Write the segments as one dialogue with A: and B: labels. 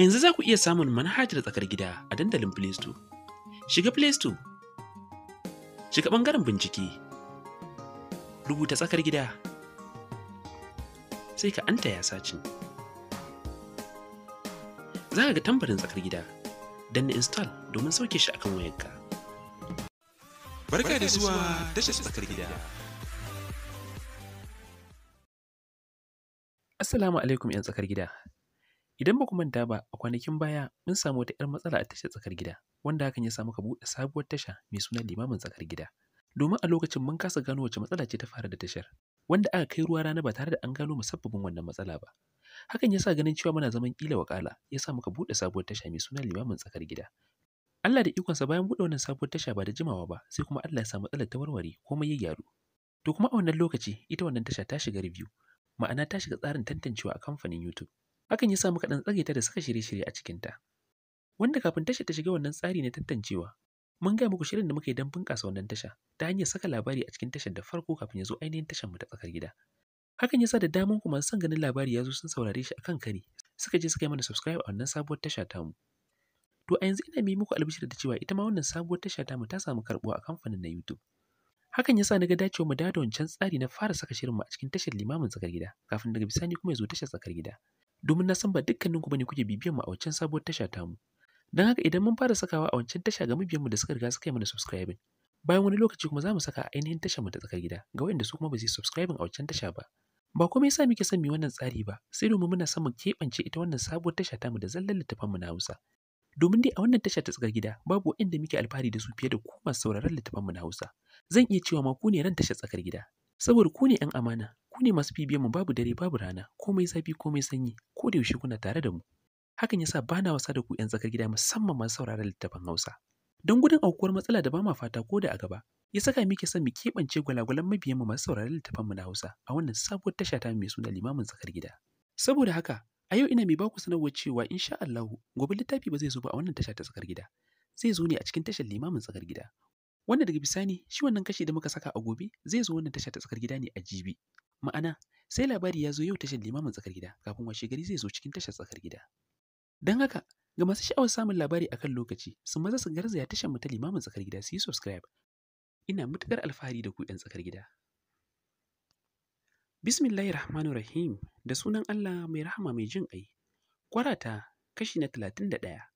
A: yanzu za ku iya samun manhajar tsakar gida a dandalin Play Store. Shiga Play Store, shiga ɓangaren bincike, rubuta tsakar gida, sai ka anta ya sacin. Za ka ga tambarin tsakar gida, don na install domin sauke shi akan wayarka. Barka da zuwa tashar tsakar gida. Assalamu alaikum 'yan tsakar gida. Idan ba ku manta ba, a kwanakin baya mun samu wata 'yar matsala a tashar tsakar gida, wanda hakan ya sa muka buɗe sabuwar tasha mai suna limamin tsakar gida. Domin a lokacin mun kasa gano wace matsala ce ta fara da tashar, wanda aka kai ruwa rana ba tare da an gano musabbabin wannan matsala ba. Hakan ya sa ganin cewa muna zaman ƙila wakala, ya sa muka buɗe sabuwar tasha mai suna limamin tsakar gida. Allah da ikonsa bayan buɗe wannan sabuwar tasha ba da jimawa ba, sai kuma Allah ya sa matsalar ta warware komai ya gyaru. To kuma a wannan lokaci ita wannan tasha ta shiga review, ma'ana ta shiga tsarin tantancewa a kamfanin YouTube. hakan ya sa muka ɗan tsage ta da saka shirye-shirye a cikinta. Wanda kafin tashar ta shiga wannan tsari na tantancewa, mun gaya muku shirin da muka yi don bunƙasa wannan tasha ta hanyar saka labari a cikin tashar da farko kafin ya zo ainihin tashar mu ta tsakar gida. Hakan ya sa da damar ku masu son ganin labari ya zo sun saurare shi akan kari, suka je suka yi mana subscribe a wannan sabuwar tasha tamu. To a yanzu ina mai muku albishir da cewa ita ma wannan sabuwar tasha tamu ta samu karɓuwa a kamfanin na YouTube. Hakan yasa na ga dacewa mu dawo da wancan tsari na fara saka shirinmu a cikin tashar limamin tsakar gida kafin daga bisani kuma ya zo tashar tsakar gida. domin na san ba dukkaninku bane kuke bibiyan mu a wancan sabuwar tasha mu. dan haka idan mun fara sakawa a wancan tasha ga mu da suka riga suka yi mana subscribing, bayan wani lokaci kuma za mu saka ainihin tashar mu ta tsakar gida ga waɗanda su kuma ba su yi subscribing a wancan tasha ba. Ba kuma yasa muke son mu wannan tsari ba, sai domin muna son mu keɓance ita wannan sabuwar tasha tamu da zallan mu na Hausa. domin dai a wannan tasha ta tsakar gida babu waɗanda muke alfahari da su fiye da ku masu sauraron mu na Hausa. Zan iya cewa ma ku ne ran tashar tsakar gida, saboda ku ne ‘yan amana ku ne masu bibiyan mu babu dare babu rana komai zafi komai sanyi ko da yaushe kuna tare da mu hakan yasa ba na wasa da ku 'yan tsakar gida musamman masu sauraron littafin Hausa don gudun aukuwar matsala da ba ma fata ko da a gaba ya saka miki son mu keɓance gwalagwalan mabiyan mu masu sauraron littafin mu na Hausa a wannan sabuwar tasha ta mai suna limamin tsakar gida saboda haka a yau ina mai baku sanarwar cewa insha Allah gobe littafi ba zai zo ba a wannan tasha ta tsakar gida zai zo ne a cikin tashar limamin tsakar gida wanda daga bisani shi wannan kashi da muka saka a gobe zai zo wannan tasha ta tsakar gida ne a jibi ma'ana sai labari ya zo yau tashar limamin tsakar gida kafin washe gari zai zo cikin tashar tsakar gida don haka ga masu sha'awar samun labari akan lokaci sun maza su garzaya tashar mu ta limamin tsakar gida su yi subscribe ina matukar alfahari da ku 'yan tsakar gida Bismillahir Rahmanir Rahim da sunan Allah mai rahama mai jin ƙai. Kwarata kashi na talatin da ɗaya.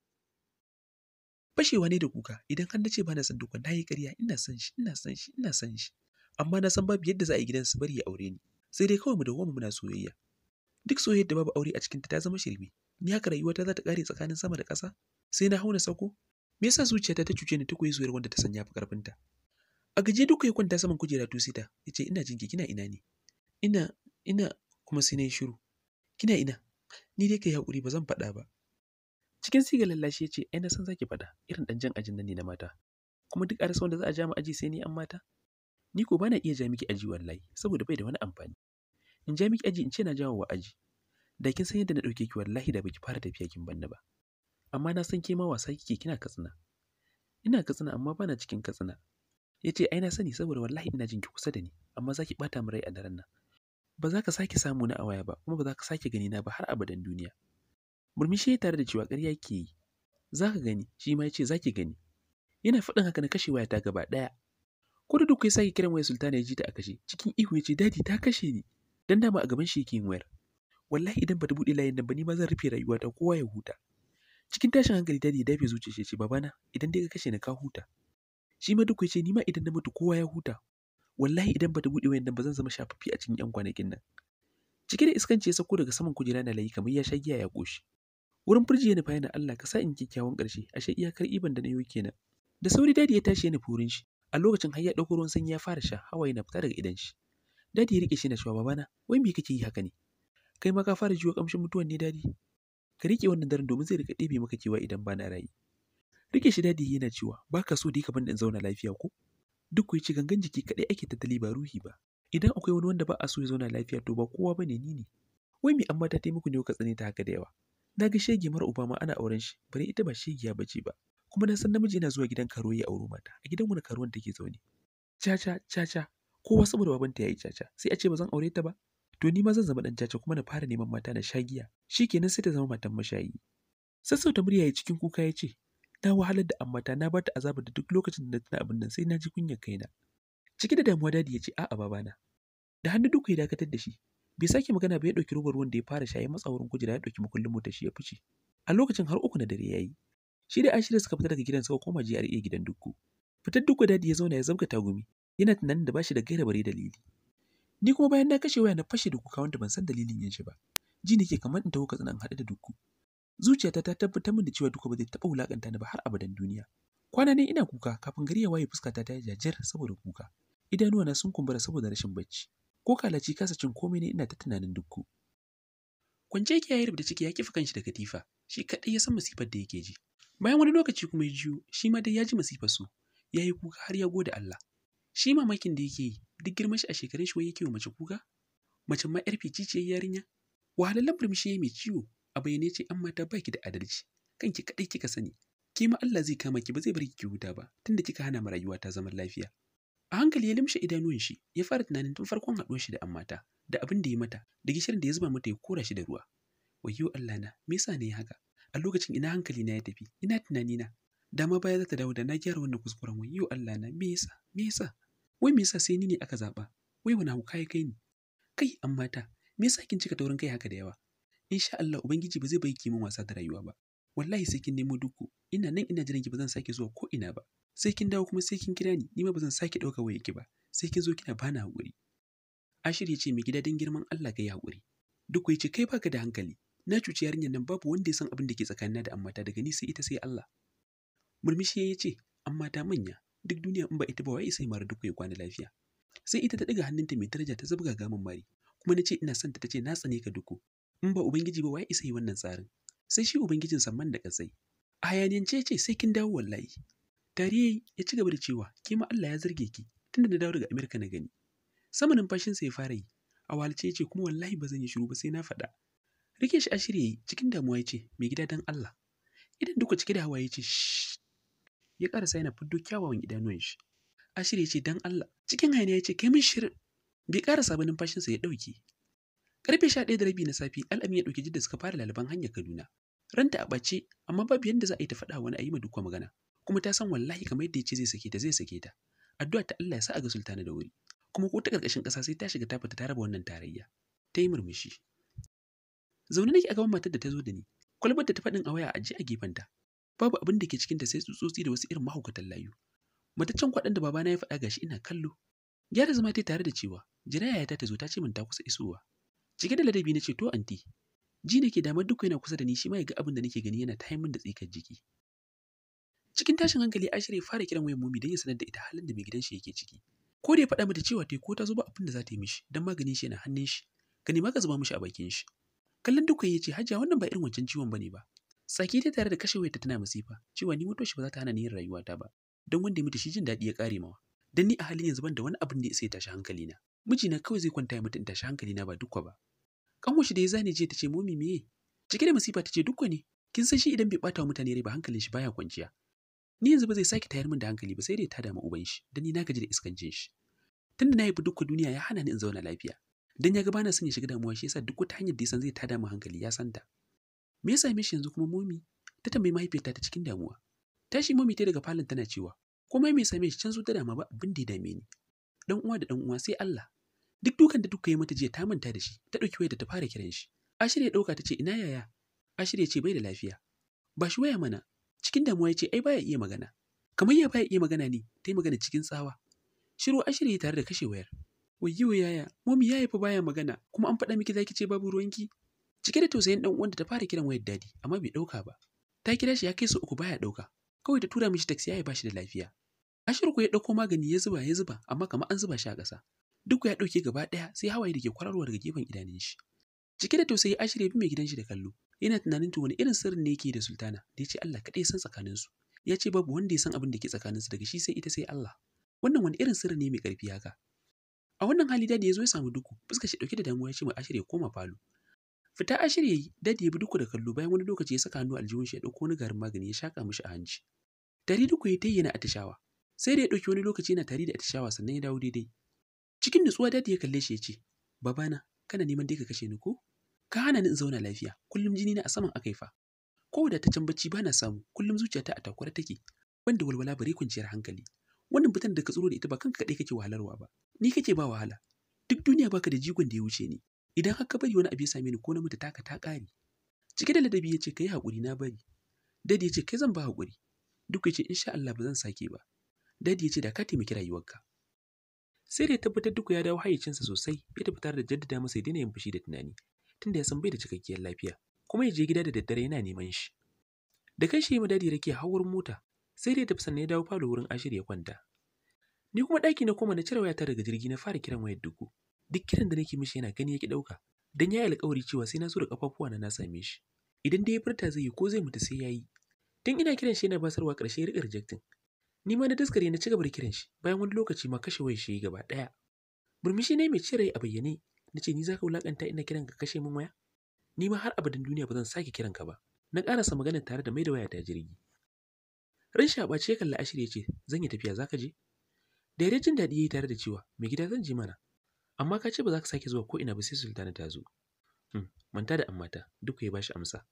A: Fashewa ne da kuka idan har na ba na san duka na yi ƙarya ina san shi ina san shi ina san shi amma na san babu yadda za a yi gidan bari ya aure ni. sai dai kawai mu mu muna soyayya duk soyayyar da babu aure a cikinta ta zama shirme ni haka rayuwa ta za ta kare tsakanin sama da ƙasa sai na hauna sako me yasa zuciyata ta cuce ni ta koyi soyayyar wanda ta sanya fi karfinta a gaje duka ya kwanta saman kujera tusita ce ina jinki kina ina ne ina ina kuma sai na yi shiru kina ina ni dai kai hakuri ba zan faɗa ba cikin siga lallashi ya ce ai na san zaki faɗa irin ɗan jan ajin nan ne na mata kuma duk a rasa wanda za a ja mu aji sai ni an mata Ni ko na iya ja miki aji wallahi saboda bai da wani amfani. In ja miki aji in ce na jawo wa aji. Da kin san yadda na ɗauke ki wallahi da baki fara tafiya kin banne ba. Amma na san ke ma wasa kike kina katsina. Ina katsina amma bana cikin katsina. yace ce ai na sani saboda wallahi ina jin ki kusa da ni amma za ki ɓata rai a daren nan. Ba za ka sake samu na a waya ba kuma ba za ka sake gani na ba har abadan duniya. Murmushi ya tare da cewa ƙarya ke yi. Za ka gani shi ma ya ce za ki gani. Yana faɗin haka na kashe wayata gaba ɗaya ko da duk ya sake kiran wayar sultana ya ji ta a kashe cikin ihu ya ce dadi ta kashe ni dan dama a gaban shi yake yin wayar wallahi idan ba bata buɗe layin nan ba ni ma zan rufe rayuwata kowa ya huta cikin tashin hankali dadi ya dafe zuciya shi ce babana idan dai ka kashe ni ka huta shi ma duk ya ce ni ma idan na mutu kowa ya huta wallahi idan ba ta buɗe wayan nan ba zan zama shafaffi a cikin yan kwanakin nan cike da iskanci ya sauko daga saman kujera na layi kamar ya sha giya ya goshi wurin firji ya nufa yana Allah ka sa in kyakkyawan ƙarshe ashe iyakar iban da na yi kenan da sauri dadi ya tashi ya nufi wurin shi a lokacin har ya ɗauko ruwan sanyi ya fara sha hawaye na fita daga idan shi dadi ya riƙe shi na cewa bana, wai me kake yi haka ne kai ma ka fara jiwo ƙamshin mutuwan ne dadi ka riƙe wannan daren domin zai riƙa ɗebe maka kewa idan ba na rike shi dadi yana cewa ba ka so da ka bani in zauna lafiya ko duk ku ci gangan jiki kaɗai ake tattali ba ruhi ba idan akwai wani wanda ba a so ya zauna lafiya to ba kowa ne ni ne wai me amma ta taimako ne ka tsane ta haka da yawa na ga shege mara uba ma ana auren shi bare ita ba shegiya ba ce ba kuma na san namiji yana zuwa gidan karo ya auri mata a gidan wani karuwan take zaune caca caca kowa saboda babanta yayi caca sai a ce ba zan aure ta ba to ni ma zan zama dan caca kuma na fara neman mata na sha giya shikenan sai ta zama matan mashayi sassauta murya ya cikin kuka ya ce na wahalar da ammata na bata azaba da duk lokacin da na tuna abin nan sai na ji kunyar kaina ciki da damuwa dadi ya ce a'a babana da hannu duka ya dakatar da shi bai sake magana ba ya ɗauki robar wanda ya fara shaye matsa wurin kujera ya ɗauki makullin mota shi ya fice a lokacin har uku na dare yayi Shi da Ashiru suka fita daga gidan suka koma GRA gidan Dukku. Fitar Dukku daɗi ya zauna ya zabga tagumi, yana tunanin da ba shi da gaira bare dalili. Ni kuma bayan na kashe waya na fashe da kuka wanda ban san dalilin yin shi ba. Ji nake kamar in taho katsina in haɗu da Dukku. Zuciyata ta tabbatar min da cewa Dukku ba zai taɓa wulaƙanta ni ba har abadan duniya. Kwana ne ina kuka kafin gari ya waye fuskata ta yi jajir saboda kuka. Idanuwana sun kumbura saboda rashin bacci. Ko kalaci kasa cin komai ne ina ta tunanin Dukku. Kwance yake ya rubuta ciki ya kifa kanshi da katifa, shi kaɗai ya san masifar da yake ji. Bayan wani lokaci kuma ya jiyo, shi ma dai ya ji masifa su, ya yi kuka har ya gode Allah. Shi mamakin da yake yi, duk girma shi a shekarun shi wai yake wa mace kuka? Mace ma yar fici yarinya? Wahalallar burmishi ya mai ciwo, a bayyane ce an mata baki da adalci, kanki kaɗai kika sani. Ki ma Allah zai kama ki ba zai bar ki huta ba, tunda kika hana mu rayuwa ta zama lafiya. A hankali ya limshe idanuwan shi, ya fara tunanin tun farkon haɗuwar shi da an mata, da abin da ya mata, da gishirin da ya zuba mata ya kora shi da ruwa. Wayyo Allah na, me yasa ne haka? a lokacin ina hankali na ya tafi ina tunani na da baya za ta dawo da na gyara wannan kuskuren wani. yau Allah na me yasa me yasa wai me yasa sai ni ne aka zaba wai wani hauka ya kai ni kai an mata me yasa kin cika taurin kai haka da yawa insha Allah ubangiji ba zai bai kimin wasa da rayuwa ba wallahi sai kin nemo duku ina nan ina jiran ki ba zan sake zuwa ko ina ba sai kin dawo kuma sai kin kira ni ni ma ba zan sake dauka waye ki ba sai kin zo kina bana hakuri Ashir ya ce mai gida don girman Allah ga ya hakuri duk ya ce kai baka da hankali na cuci yarinyar nan babu wanda ya san abin da ke tsakanina da amma ta, daga ni sai ita sai Allah murmushi ya ce amma ta manya duk duniya in ba ita ba wai sai mara duk ya kwana lafiya sai ita ta ɗiga hannunta mai daraja ta zabga gamin mari kuma na ce ina son ta tace na tsane ka duku in ba ubangiji ba wai isa yi wannan tsarin sai shi ubangijin samman da kasai a hayaniyance ce sai kin dawo wallahi tare ya ci gaba da cewa ke ma Allah ya zarge ki tunda na dawo daga Amerika na gani sama numfashinsa ya fara yi a walce ce kuma wallahi ba zan yi shiru ba sai na faɗa Rike shi a shirye cikin damuwa ya ce, Mai gida don Allah. Idan duka cike da hawa ya ce, Ya karasa yana fiddo kyawawan idanuwan shi. A shirye ce don Allah. Cikin haini ya ce, Kai min shirin. Bai kara fashin numfashinsa ya dauke Karfe sha ɗaya da rabi na safi, al'ami ya ɗauki jidda suka fara laliban hanyar Kaduna. Ranta a ɓace, amma babu yadda za a yi ta faɗa wani a yi ma duka magana. Kuma ta san wallahi kamar yadda ya ce zai sake ta zai sake ta. Addu'a ta Allah ya sa a ga sultana da wuri. Kuma ko ta ƙarƙashin ƙasa sai ta shiga ta fita ta raba wannan tarayya. Ta yi murmushi. zaune nake a gaban matar da ta zo da ni kwalbar da ta faɗin a waya a a gefenta babu abin da ke cikinta sai tsutsotsi da wasu irin mahaukatan layu mataccen kwaɗan da babana ya faɗa gashi ina kallo gyara zama ta tare da cewa jiraya ta ta zo ta ce min ta kusa isowa cike da ladabi na ce to anti ji nake damar duk yana kusa da ni shi ma ya ga abin da nake gani yana ta da tsikar jiki cikin tashin hankali a shirya fara kiran wayar mumi don ya sanar da ita halin da mai gidan shi yake ciki ko da ya faɗa mata cewa yi ko ta zo ba abin da za ta yi mishi don maganin shi yana hannun shi gani ma ka zuba mishi a bakin shi kallon duka ya ce hajiya wannan ba irin wancan ciwon bane ba tsaki ta tare da kashe wayarta tana masifa cewa ni mutuwa shi ba za ta hana ni yin rayuwata ba don wanda ya mutu shi jin daɗi ya ƙare mawa dan ni a halin yanzu ban da wani abin da ya tashi hankali na mijina kawai zai kwanta ya mutu in tashi hankali na ba dukwa ba kanwar shi da ya zane jiya ta ce momi meye cike da masifa ta ce dukwa ne kin san shi idan bai bata wa mutane rai ba hankalin shi baya kwanciya ni yanzu ba zai sake tayar min da hankali ba sai dai ta damu uban shi dan ni na gaji da iskancin shi tunda na yi duka duniya ya hana ni in zauna lafiya dan ya ga bana son ya shiga damuwa shi yasa duk wata hanyar da ya san zai tada mu hankali ya santa. ta me yasa mishi yanzu kuma momi ta tambayi mahaifiyarta ta cikin damuwa tashi momi ta daga falon tana cewa komai mai same shi can zo ta dama ba abin da ya dame ni dan uwa da dan uwa sai Allah duk dukan da duka yi mata jiya ta manta da shi ta dauki waya da ta fara kiran shi ashirya ya dauka ta ce ina yaya Ashir ya ce bai da lafiya ba shi waya mana cikin damuwa ya ce ai baya iya magana kamar ya baya iya magana ne ta magana cikin tsawa shiru a shirye tare da kashe wayar wayyo yaya momi yaya fa baya magana kuma an faɗa miki zaki ce babu ruwanki cike da tausayin dan uwan da ta fara kiran wayar dadi amma bai dauka ba ta kira shi ya kai su uku baya dauka kawai ta tura mishi taxi yaya bashi da lafiya ashirku ya dauko magani ya zuba ya zuba amma kamar an zuba shi a ƙasa duk ya dauke gaba daya sai hawaye da ke kwararwa daga gefen idanun shi cike da tausayi Ashiru ya bi mai gidan shi da kallo yana tunanin to wani irin sirrin ne yake da sultana da ya ce Allah kaɗai san su ya ce babu wanda ya san abin da ke su daga shi sai ita sai Allah wannan wani irin sirri ne mai karfi haka A wannan hali dadi ya zo ya samu duku, fuska shi dauke da damuwa ya ce mai ya koma falo. Fita ashirya yi, dadi ya bi duku da kallo bayan wani lokaci ya saka hannu aljihun shi ya dauko wani garin magani ya shaka mishi a hanci. Tari duku ya tayi yana atishawa. Sai da ya dauki wani lokaci yana tari da atishawa sannan ya dawo daidai. Cikin nutsuwa dadi ya kalle shi ya ce, "Babana, kana neman dai ka kashe ni ko?" ka hana ni in zauna lafiya kullum jini na a saman akai fa ko da ta can bacci bana samu kullum zuciyata a takwara take ban da walwala bare kwanciyar hankali wannan fitan da ka tsoro da ita ba kanka kaɗai kake wahalarwa ba ni kake ba wahala duk duniya baka da jigon da ya wuce ni idan har ka bari wani abu ya same ni ko na mutu taka ta ƙare cike da ladabi ya ce kai haƙuri na bari dadi ya ce kai zan ba haƙuri duk ya ce insha Allah ba zan sake ba dadi ya ce da ka taimaki rayuwarka sai da ya tabbatar duk ya dawo hayyacinsa sosai ya tabbatar da jaddada masa ya daina yin fushi da tunani tunda ya san bai da cikakkiyar lafiya kuma ya je gida da daddare yana neman shi da kai shi ya madadi hawar mota sai dai tafi sannan ya dawo falo wurin ashir ya kwanta ni kuma ɗaki na koma na cire wayata daga jirgi na fara kiran wayar duku duk kiran da nake mishi yana gani yake ɗauka dan ya yi alƙawari cewa sai na so da kafafuwa na na same shi idan dai ya furta zai yi ko zai mutu sai ya yi tun ina kiran shi yana basarwa ƙarshe ya riƙa rejectin ni ma na daskare na ci gaba da kiran shi bayan wani lokaci ma kashe wayar shi gaba ɗaya murmushi ne mai cire a bayyane na ce ni za ka wulaƙanta ina kiran ka kashe min waya ni ma har abadan duniya ba zan sake kiran ka ba na ƙarasa magana tare da mai da waya ta jirgi ran shi ɓace ya kalli ashir ya ce zan yi tafiya za ka je daidai jin daɗi ya yi tare da cewa mai gida zan je mana amma ka ce ba za ka sake zuwa ko ina ba sai sultana ta zo hmm, manta da amma ta, duk ya bashi amsa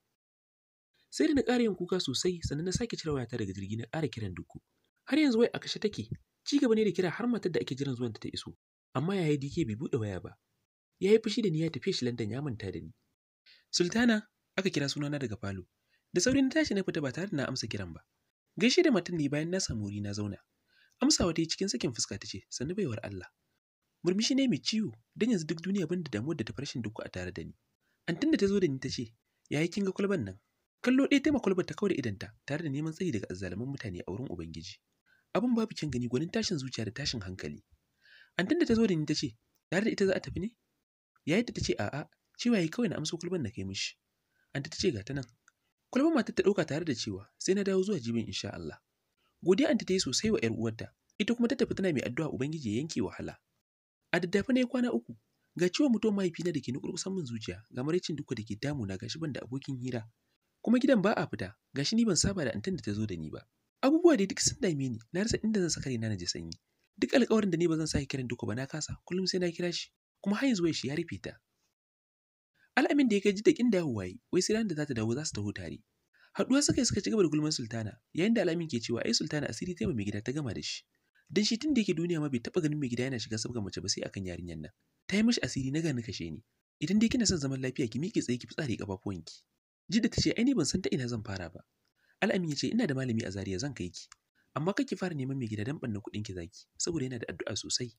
A: sai da na ƙara yin kuka sosai sannan na sake cire wayata daga jirgi na ƙara kiran duku har yanzu wai a kashe take ci gaba ne da kira har matar da ake jiran zuwanta ta iso amma yaya dike bai buɗe waya ba ya yi fushi da ni ya tafi shi London ya manta da ni sultana aka kira sunana daga falo da sauri na tashi na fita ba tare da na amsa kiran ba Gaishe da mutum ne bayan na samu wuri na zauna. Amsawa ta yi cikin sakin fuska ta ce, sannu baiwar Allah. Murmushi ne mai ciwo, don yanzu duk duniya ban da damuwar da ta farshin duku a tare da ni. Antin da ta zo da ni ta ce, yayi kin ga kwalban nan? Kallo ɗaya ma kwalban ta kawar idanta tare da neman tsayi daga azzaluman mutane a wurin Ubangiji. Abin babu kyan gani gwanin tashin zuciya da tashin hankali. Antin da ta zo da ni ta ce, tare da ita za a tafi ne? Yayin da ta ce a'a, cewa yayi kawai na amso kwalban na kai mishi. Anta ta ce ga ta nan, Kulma matar ta ɗauka tare da cewa sai na dawo zuwa jibin insha Allah. Godiya anta ta yi sosai wa ‘yar uwarta, ita kuma ta tafi tana mai addu'a Ubangiji ya yanke wahala. A daddafa na yi kwana uku, ga ciwon mutuwar mahaifina da ke kusan min zuciya ga maraicin duka da ke na gashi banda abokin hira. Kuma gidan ba a fita, gashi ni ban saba da antan da ta zo da ni ba. Abubuwa dai duk sun dame ni, na rasa inda zan saka na na ji sanyi. Duk alƙawarin da ni ba zan sake kiran duka ba na kasa, kullum sai na kira shi, kuma har yanzu shi ya rufe ta. Al'amin da ya kai jidakin da yawo waye, wai sai da za ta dawo za su taho tare. Haɗuwa suka yi suka ci gaba da gulman Sultana, yayin da Al'amin ke cewa ai Sultana asiri ta mai gida ta gama da shi. Dan shi tun da yake duniya ma bai taɓa ganin mai gida yana shiga sabga mace ba sai akan yarinyar nan. Ta yi mishi asiri na gani kashe ni. Idan dai kina son zaman lafiya ki miƙe tsaye ki fitsari ƙafafuwanki. Jidda ta ce ai ni ban san ta ina zan fara ba. Al'amin ya ce ina da malami a Zaria zan kai ki. Amma kake fara neman mai gida dan ɓanna kuɗin ki zaki saboda yana da addu'a sosai.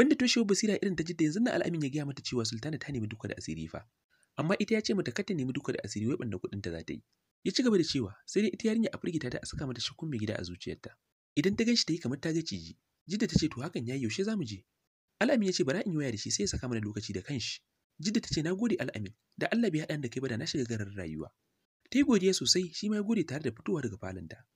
A: banda toshewar basira irin ta jidda yanzu na al'amin ya gaya mata cewa sultana ta nemi duka da asiri fa amma ita ya ce mata kar ta nemi duka da asiri wai banda kuɗin ta za ta yi ya ci gaba da cewa sai dai ita yarinya a firgita ta a saka mata shakkun mai gida a zuciyarta idan ta ganshi ta yi kamar ta ga ciji jidda ta ce to hakan yayi yaushe za mu je al'amin ya ce bara in yi waya da shi sai ya saka mana lokaci da kanshi jidda ta ce na gode al'amin da Allah bai haɗa da kai ba da na shiga garin rayuwa ta yi godiya sosai shi ma ya gode tare da fitowa daga falonta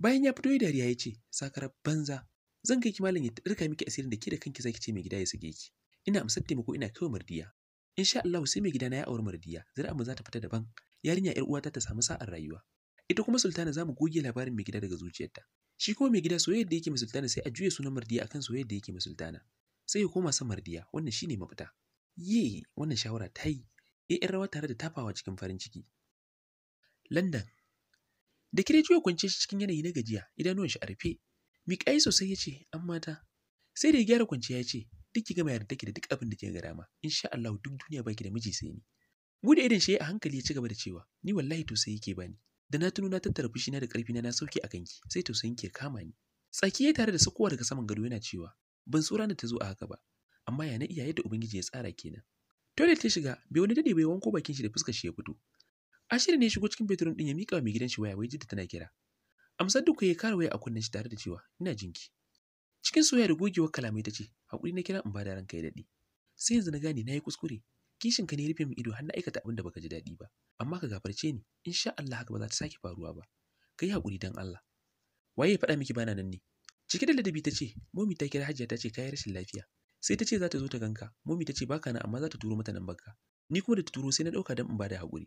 A: bayan ya fito ya dariya ya ce sakarar banza zan kai ki malam ya rika miki asirin da ke da kanki zaki ce mai gida ya sige ki ina amsar taimako ina wa mardiya insha Allah sai mai gida na ya aure mardiya zira amma za ta fita daban yarinya yar uwata ta samu sa'ar rayuwa ita kuma sultana zamu goge labarin mai gida daga zuciyarta shi kuma mai gida soyayyar da yake mai sultana sai a juye sunan mardiya akan soyayyar da yake mai sultana sai ya koma san mardiya wannan shine mafita ye wannan shawara ta yi yar rawa tare da tafawa cikin farin ciki Landan. da kire juya kwance shi cikin yanayi na gajiya idanuwan shi a rufe miƙai sosai ya ce an mata sai da ya gyara kwanciya ya ce duk ki gama yarda da duk abin da ke ga dama sha Allah duk duniya baki da miji sai ni bude idan shi a hankali ya ci gaba da cewa ni wallahi to sai yake bani da na tuno na tattara fushi na da ƙarfi na na sauke akan ki sai to sai kama ni tsaki ya tare da sakowa daga saman gado yana cewa ban so na ta zo a haka ba amma ya na iya yadda ubangiji ya tsara kenan toilet ta shiga bai wani dade bai wanko bakin shi da fuskar shi ya fito ashirin ne ya shigo cikin bedroom din ya mika wa mai gidan shi waya wai jidda tana kira amsar duk ya kare waya a kunnen shi tare da cewa ina jinki cikin soyayya da gogewar kalamai ta ce hakuri na kira in ba da ranka ya daɗi sai yanzu na gane na yi kuskure kishin ka ne rufe min ido har na aikata abin da baka ji daɗi ba amma ka gafarce ni insha Allah haka ba za ta sake faruwa ba kai hakuri dan Allah waye ya faɗa miki bana nan ne Ciki da ladabi ta ce momi ta kira hajiya ta ce kayi rashin lafiya sai ta ce za ta zo ta ganka momi ta ce baka na amma za ta turo mata nan baka ni kuma da ta turo sai na ɗauka dan in ba da hakuri.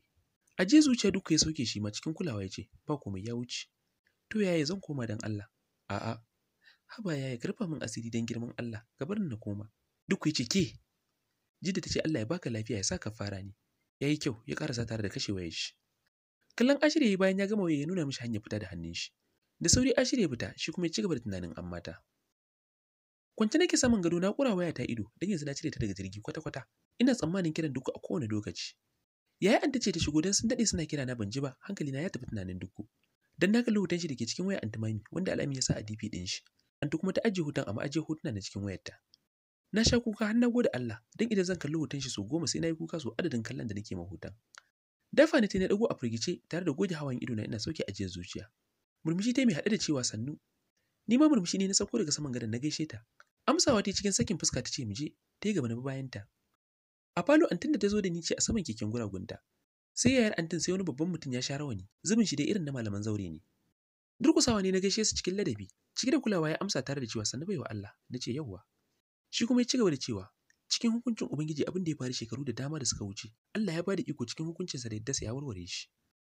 A: aje zuciya duka ya sauke shi ma cikin kulawa ya ce ba komai ya wuce to yaya zan koma don Allah a'a haba yaya karfa min asiri don girman Allah gabar na koma duk ku ce ke jidda ce Allah ya baka lafiya ya saka fara ni Ya yi kyau ya karasa tare da kashe wayar shi kallon ashirya bayan ya gama waya ya nuna mishi hanyar fita da hannun shi da sauri ashirya fita shi kuma ya ci gaba da tunanin an mata kwance nake saman gado na ƙura waya ta ido don yanzu na cire ta daga jirgi kwata-kwata ina tsammanin kiran duka a kowane lokaci yayi an ce ta shigo don sun daɗe suna kira na ban ji ba hankali na ya tafi tunanin duku dan na kalli hoton shi da ke cikin wayar antimami wanda alami ya sa a DP din shi anti kuma ta ajiye hoton amma ajiye hotuna na cikin wayarta na sha kuka har na gode Allah dan idan zan kalli hoton shi so goma sai na yi kuka so adadin kallon da nake ma hoton dafa ne ta na dago a firgice tare da goge hawan ido na ina sauke ajiyar zuciya murmushi ta mai haɗe da cewa sannu ni ma murmushi ne na sauko daga saman gadon na gaishe ta amsawa ta cikin sakin fuska ta ce mu je ta yi gaba na bayanta a falo antin da ta zo da ni ce a saman keken guragunta sai yayar antin sai wani babban mutum ya sha rawani zubin shi dai irin na malaman zaure ne durkusawa ne na gaishe su cikin ladabi cike da kulawa ya amsa tare da cewa sannu baiwa Allah na ce shi kuma ya ci gaba da cewa cikin hukuncin ubangiji abin da ya faru shekaru da dama da suka wuce Allah ya bada iko cikin hukuncinsa da yadda sai ya warware shi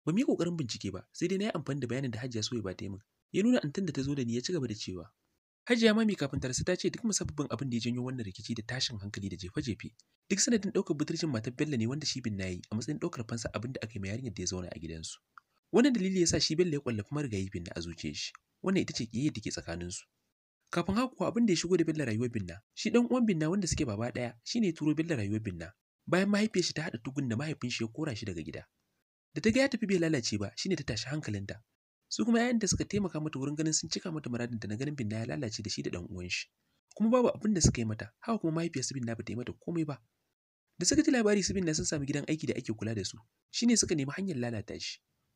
A: ba mu yi kokarin bincike ba sai dai na yi amfani da bayanin da Hajiya Soyi ba ta yi min ya nuna antin da ta zo da ni ya ci gaba da cewa Hajiya Mami kafin ta rasu ta ce duk musabbabin abin da ya janyo wannan rikici da tashin hankali da jefe-jefe. Duk sanadin ɗaukar budurcin matar Bello ne wanda shi bin nayi a matsayin ɗaukar fansa abin da aka yi ma yarinyar da ya zauna a gidansu. Wannan dalili ya sa shi Bello ya kwallafi marigayi binna a zuciyar shi. Wannan ita ce ƙiyayyar da ke tsakaninsu. Kafin haka kuwa abin da ya shigo da Bello rayuwar Binna, shi ɗan uwan Binna wanda suke baba ɗaya shine ya turo Bello rayuwar Binna. Bayan mahaifiyar shi ta haɗa tugun da mahaifin shi ya kora shi daga gida. Da ta ga ya tafi bai lalace ba ne ta tashi hankalinta su kuma yayin da suka taimaka mata wurin ganin sun cika mata muradin da na ganin binna ya lalace da shi da dan uwan shi kuma babu abin da suka yi mata haka kuma mahaifiyarsu binna ba ta yi mata komai ba da suka ji labari su binna sun samu gidan aiki da ake kula da su shine suka nemi hanyar lalata shi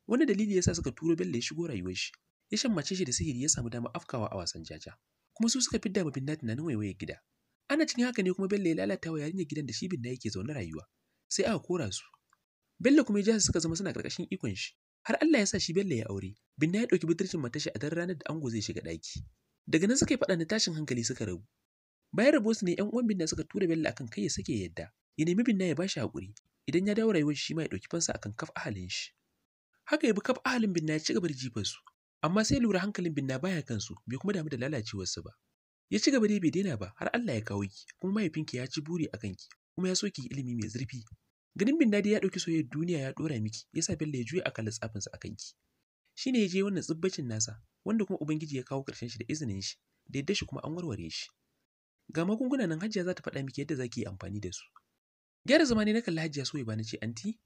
A: wani dalili yasa suka turo bello ya shigo rayuwar shi ya shammace shi da sihiri ya samu dama afkawa a wasan jaja kuma su suka fidda ma binna tunanin waiwayar gida ana cikin haka ne kuma bello ya lalata wa yarinyar gidan da shi binna yake zaune rayuwa sai aka kora su bello kuma ya suka zama suna karkashin ikon shi har Allah ya sa shi Bello ya aure. Binna ya ɗauki budurcin matashi a dan ranar da ango zai shiga ɗaki. Daga nan suka yi faɗa na tashin hankali suka rabu. Bayan rabo su ne ‘yan uwan Binna suka tura Bello akan kai ya sake yadda. Ya nemi Binna ya bashi haƙuri. Idan ya dawo rayuwar shi ma ya ɗauki fansa akan kaf ahalin shi. Haka ya bi kaf ahalin Binna ya ci gaba da jifar su. Amma sai lura hankalin Binna baya kansu bai kuma damu da lalacewarsu ba. Ya ci gaba dai bai daina ba har Allah ya kawo ki kuma mahaifinki ya ci buri akan ki kuma ya so ki ilimi mai zurfi Ganin bin dadi ya ɗauki soyayyar duniya ya ɗora miki, ya sa Bello ya juya akan lissafinsa a kanki. Shi ne ya je wannan tsibbacin nasa, wanda kuma Ubangiji ya kawo ƙarshen shi da izinin shi, da yadda shi kuma an warware shi. Ga magunguna nan Hajiya za ta faɗa miki yadda za ki yi amfani da su. Gyara zama ne na kalli Hajiya Suwai ba na ce anti,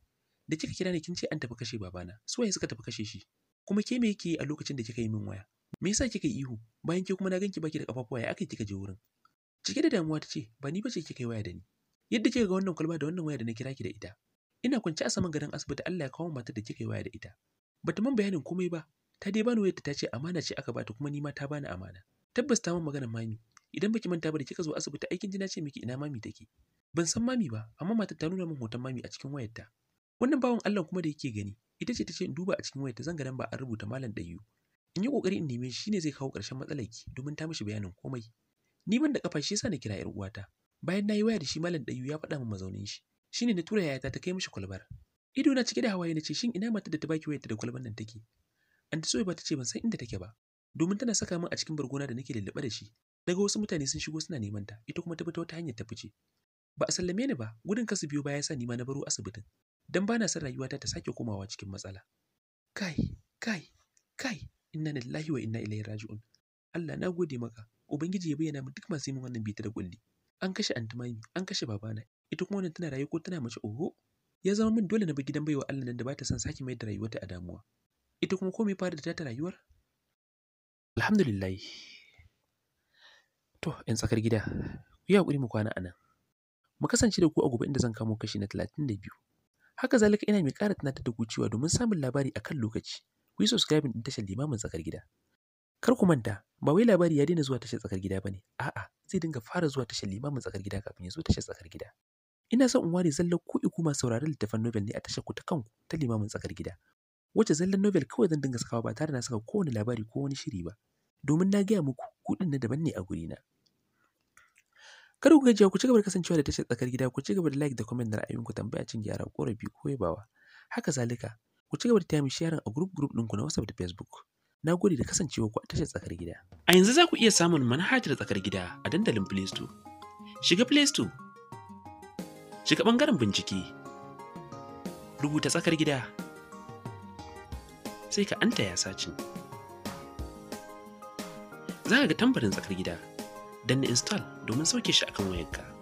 A: da kika kira ni kin ce an tafi kashe babana, Suwai suka tafi kashe shi. Kuma ke me yake yi a lokacin da kika yi min waya? Me yasa kika yi ihu? Bayan ke kuma na ganki baki da kafafuwa ya aka kika je wurin? Cike da damuwa ta ce, ba ni ce kika yi waya da ni. yadda kika ga wannan kwalba da wannan waya da na kira ki da ita ina kwance a saman gadon asibiti Allah ya kawo matar da kika yi waya da ita bata min bayanin komai ba ta dai bani wayar ta ce amana ce aka bata kuma ni ma ta bani amana tabbas ta min maganar mami idan baki manta ba da kika zo asibiti aikin jina ce miki ina mami take ban san mami ba amma matar ta nuna min hoton mami a cikin ta wannan bawan Allah kuma da yake gani ita ce tace in duba a cikin wayarta zan ga nan ba an rubuta malam dayu in yi kokari in neme shi ne zai kawo ƙarshen matsalar ki domin ta mishi bayanin komai ni ban da kafa shi yasa na kira yar uwata Bayan na yi waya da shi Malam Ɗayu ya faɗa min mazaunin shi. Shi ne na tura yayata ta kai mishi kwalbar. Ido na cike da hawaye na ce shin ina matar da ta baki wayarta da kwalbar nan take? Anti Soyi ba ta ce ban san inda take ba. Domin tana saka min a cikin bargona da nake lulluɓe da shi. Daga wasu mutane sun shigo suna neman ta, ita kuma ta fita wata hanyar ta fice. Ba a sallame ni ba, gudun kasu biyu baya sa ni ma na baro asibitin. Dan bana son rayuwata ta sake komawa cikin matsala. Kai, kai, kai, inna lillahi wa inna ilaihi raji'un. Allah na gode maka, Ubangiji ya bayyana min duk masu yin wannan bita da kulli. an kashe antumami an kashe babana ita kuma wannan tana rayuwa ko tana mace oho ya zama min dole na bi gidan baiwa Allah nan da ba son sake mai da rayuwarta a damuwa ita kuma komai fara da ta rayuwar alhamdulillah to in tsakar gida ku yi hakuri mu kwana anan mu kasance da ku a gobe inda zan kamo kashi na 32 haka zalika ina mai ƙara tunatar da ku cewa domin samun labari akan lokaci ku yi subscribing din tashar limamin tsakar gida Kar ku manta, ba wai labari ya daina zuwa tashar tsakar gida ba a'a, zai dinga fara zuwa tashar limamin tsakar gida kafin ya zo tashar tsakar gida. Ina son in ware zallar ku iku sauraron littafin Nobel ne a tashar ku ta kanku ta limamin tsakar gida. Wace zallar novel kawai zan dinga sakawa ba tare na saka kowane labari ko wani shiri ba, domin na gaya muku kuɗin na daban ne a gurina. Kar ku gajiya ku ci gaba da kasancewa da tashar tsakar gida ku ci gaba da like da comment da ku tambaya cin gyara korafi ko yabawa. Haka zalika, ku ci gaba da taya mu sharing a group group ɗinku na WhatsApp da Facebook. Na gode da kasancewa ku a tashar tsakar gida. A yanzu za ku iya samun manhajar tsakar gida a dandalin Play Store. Shiga Play Store, shiga ɓangaren bincike, rubuta tsakar gida, sai ka anta ya sacin. Za ka ga tambarin tsakar gida, Dan install domin sauke shi akan wayarka.